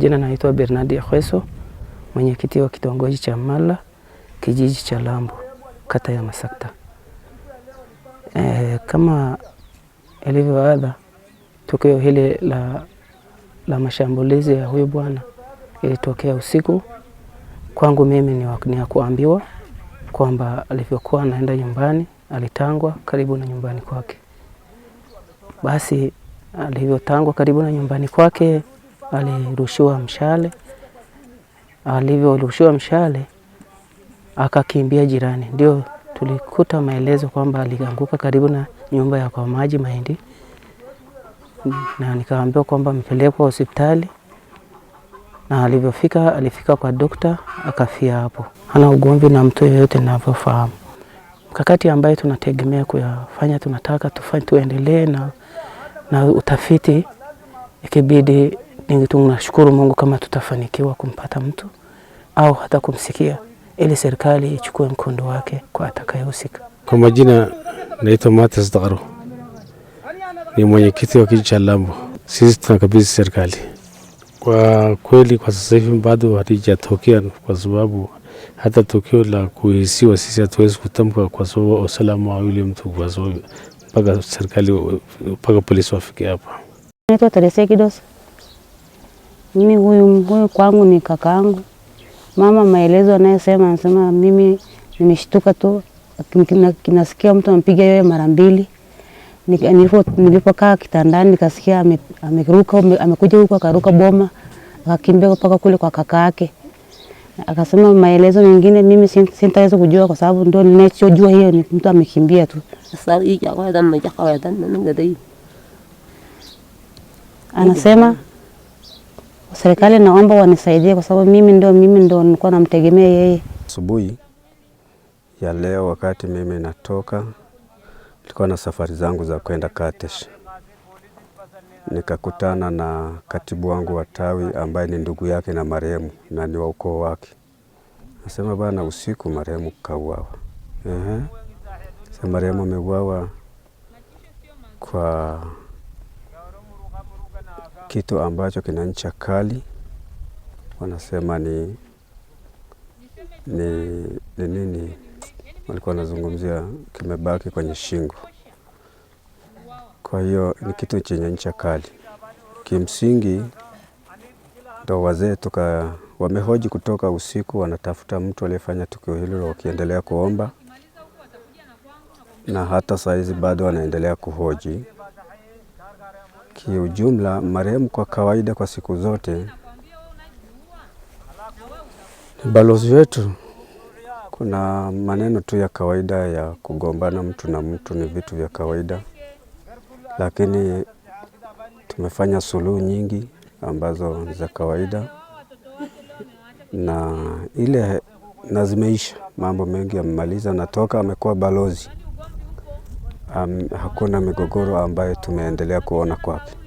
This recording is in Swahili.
Jina naitwa Bernardi Yakweso, mwenyekiti wa kitongoji cha Mala, kijiji cha Lambo, kata ya Masakta. E, kama ilivyoadha, tukio hili la, la mashambulizi ya huyu bwana ilitokea usiku. Kwangu mimi ni, ni ya kuambiwa kwamba alivyokuwa anaenda nyumbani alitangwa karibu na nyumbani kwake. Basi alivyotangwa karibu na nyumbani kwake alirushiwa mshale. Alivyorushiwa mshale akakimbia jirani, ndio tulikuta maelezo kwamba alianguka karibu na nyumba ya kwa maji Mahindi, na nikaambiwa kwamba mpelekwa hospitali, na alivyofika alifika kwa dokta akafia hapo. Hana ugomvi na mtu yeyote ninavyofahamu. Mkakati ambaye tunategemea kuyafanya, tunataka tufanye tuendelee na, na utafiti ikibidi nashukuru Mungu kama tutafanikiwa kumpata mtu au hata kumsikia, ili serikali ichukue mkondo wake kwa atakayehusika. Kwa majina naitwa Mathias Dagaro, ni mwenyekiti wa kijiji cha Lambo. Sisi tunakabidhi serikali kwa kweli, kwa sasa hivi bado hatijatokea, kwa sababu hata tukio la kuhisiwa sisi hatuwezi kutamka kwa sababu usalama wa yule mtu, kwa sababu mpaka serikali mpaka polisi wafike hapa. Naitwa Teresa Kidos mimi huyu huyu kwangu ni kakaangu. Mama maelezo anayesema anasema, mimi nimeshtuka tu, nasikia mtu ampiga yeye mara mbili. Nilipokaa kitandani nikasikia ameruka, amekuja huku akaruka boma, akakimbia mpaka kule kwa kaka yake. Akasema maelezo mengine mimi sintaweza kujua kwa sababu ndio ninachojua, hiyo ni mtu amekimbia tu. Anasema serikali naomba wanisaidie, kwa sababu mimi ndio mimi ndio nilikuwa namtegemea yeye. Asubuhi ya leo wakati mimi natoka, nilikuwa na safari zangu za kwenda Katesh, nikakutana na katibu wangu wa tawi ambaye ni ndugu yake na marehemu na ni wa ukoo wake. Nasema bana, usiku marehemu kauawa. Ehe, marehemu ameuawa kwa kitu ambacho kina ncha kali, wanasema ni ni ni nini walikuwa wanazungumzia, kimebaki kwenye shingo. Kwa hiyo ni kitu chenye ncha kali kimsingi, ndo wazee tuka wamehoji kutoka usiku, wanatafuta mtu aliyefanya tukio hilo, wakiendelea kuomba na hata saa hizi bado wanaendelea kuhoji. Kiujumla, marehemu kwa kawaida, kwa siku zote ni balozi wetu. Kuna maneno tu ya kawaida ya kugombana mtu na mtu, ni vitu vya kawaida, lakini tumefanya suluhu nyingi ambazo za kawaida na ile na zimeisha. Mambo mengi yamemaliza, natoka amekuwa balozi. um, hakuna migogoro ambayo tumeendelea kuona kwake.